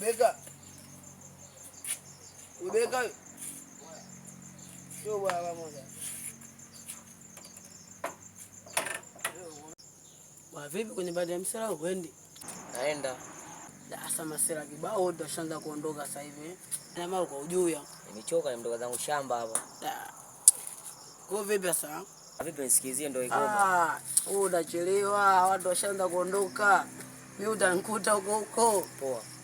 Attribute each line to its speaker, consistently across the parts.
Speaker 1: Ubeka. Ubeka. Sio bwana moja.
Speaker 2: Wa vipi kwenye baada ya msala uende? Naenda. Asa masela kibao wote washaanza kuondoka sasa hivi. Na mara kwa ujuya.
Speaker 3: Nimechoka nimetoka zangu shamba hapa.
Speaker 2: Kwa vipi sasa?
Speaker 3: Vipi nisikizie ndio
Speaker 2: igoma. Ah, unachelewa watu washaanza kuondoka. Mimi utanikuta huko huko. Poa.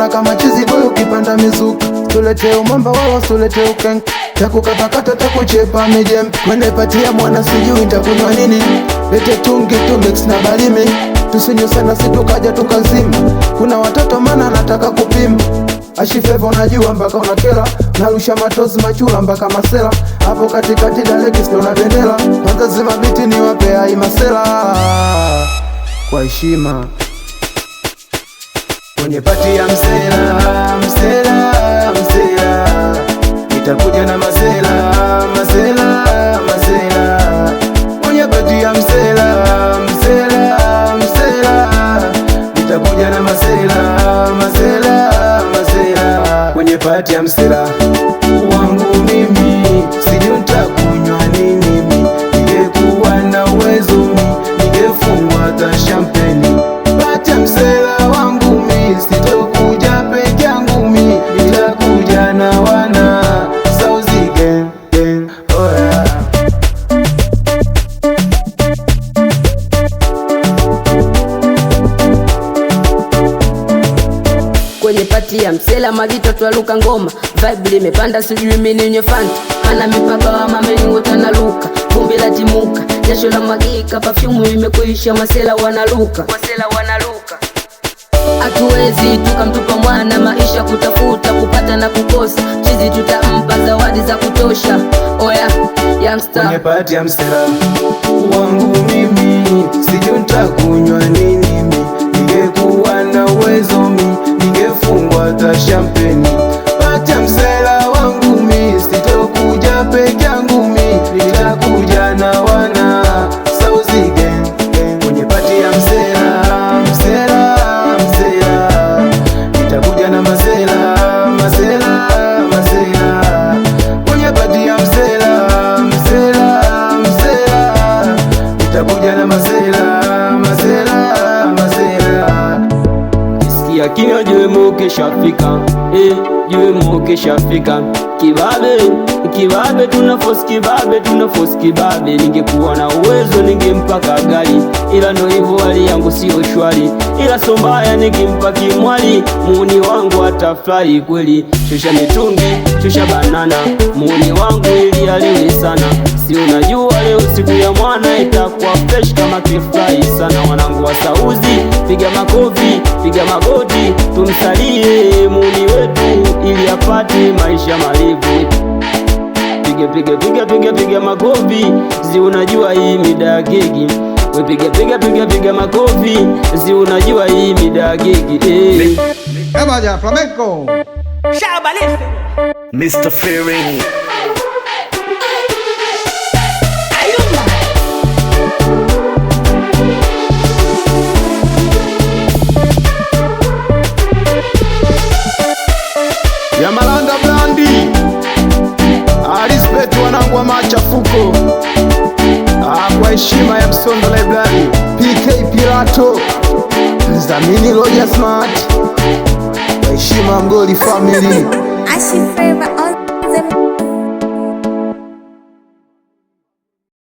Speaker 4: Ona kama chizi boy ukipanda mizuka, tulete umamba wao, sulete ukeng takukatakata takuchepa mijem kwende patia mwana sijui nitakunywa nini, lete tungi tu mix na balimi, tusinywe sana situkaja tukazima. Kuna watoto mana nataka kupima ashifeva unajua mpaka unakela narusha matozi machula mpaka masela hapo katikati dalekisdo na bendera kwanza zima biti ni wapea imasela kwa heshima kwenye pati ya msela msela msela, itakuja na masela masela masela, kwenye pati ya msela msela msela, itakuja na masela masela masela, kwenye pati ya msela wangu mimi sijuta
Speaker 5: nimepatia msela magito twaluka ngoma vibe limepanda sijui mimi ninywe fanta kana mipaka wa na luka vumbi la timuka jasho la magika perfume imekuisha masela wanaluka masela wanaluka Hatuwezi tukamtupa mwana maisha, kutafuta kupata na kukosa, chizi tutampa zawadi za kutosha. Oya youngster,
Speaker 4: nimepati ya msela wangu mimi, sijui nitakunywa nini mimi, ningekuwa na uwezo mimi.
Speaker 6: lakini oh ujue shafika eh, jue shafika kibabe kibabe, tuna force kibabe, tuna force kibabe. Ningekuwa na uwezo ningempa kagari, ila ndo hivyo hali yangu sio shwari, ila sombaya mbaya ningempa kimwali, muuni wangu atafurahi kweli. Shusha mitungi, shusha banana, muuni wangu ili aliwe sana Si unajua leo siku ya mwana itakuwa fresh kama kifurahi sana. Wanangu wa Sauzi, piga makofi, piga magoti, tumsalie muni wetu ili apate maisha malivu. Piga piga piga piga piga makofi, si unajua hii mida ya keki. We piga piga piga piga makofi, si unajua hii mida ya keki. Hey.
Speaker 7: Eh. Flamenco.
Speaker 8: Mr. Fearing.
Speaker 9: kwa machafuko ah, kwa heshima ya Msondo Library PK Pirato mdhamini Loja Smart, kwa heshima Mgoli family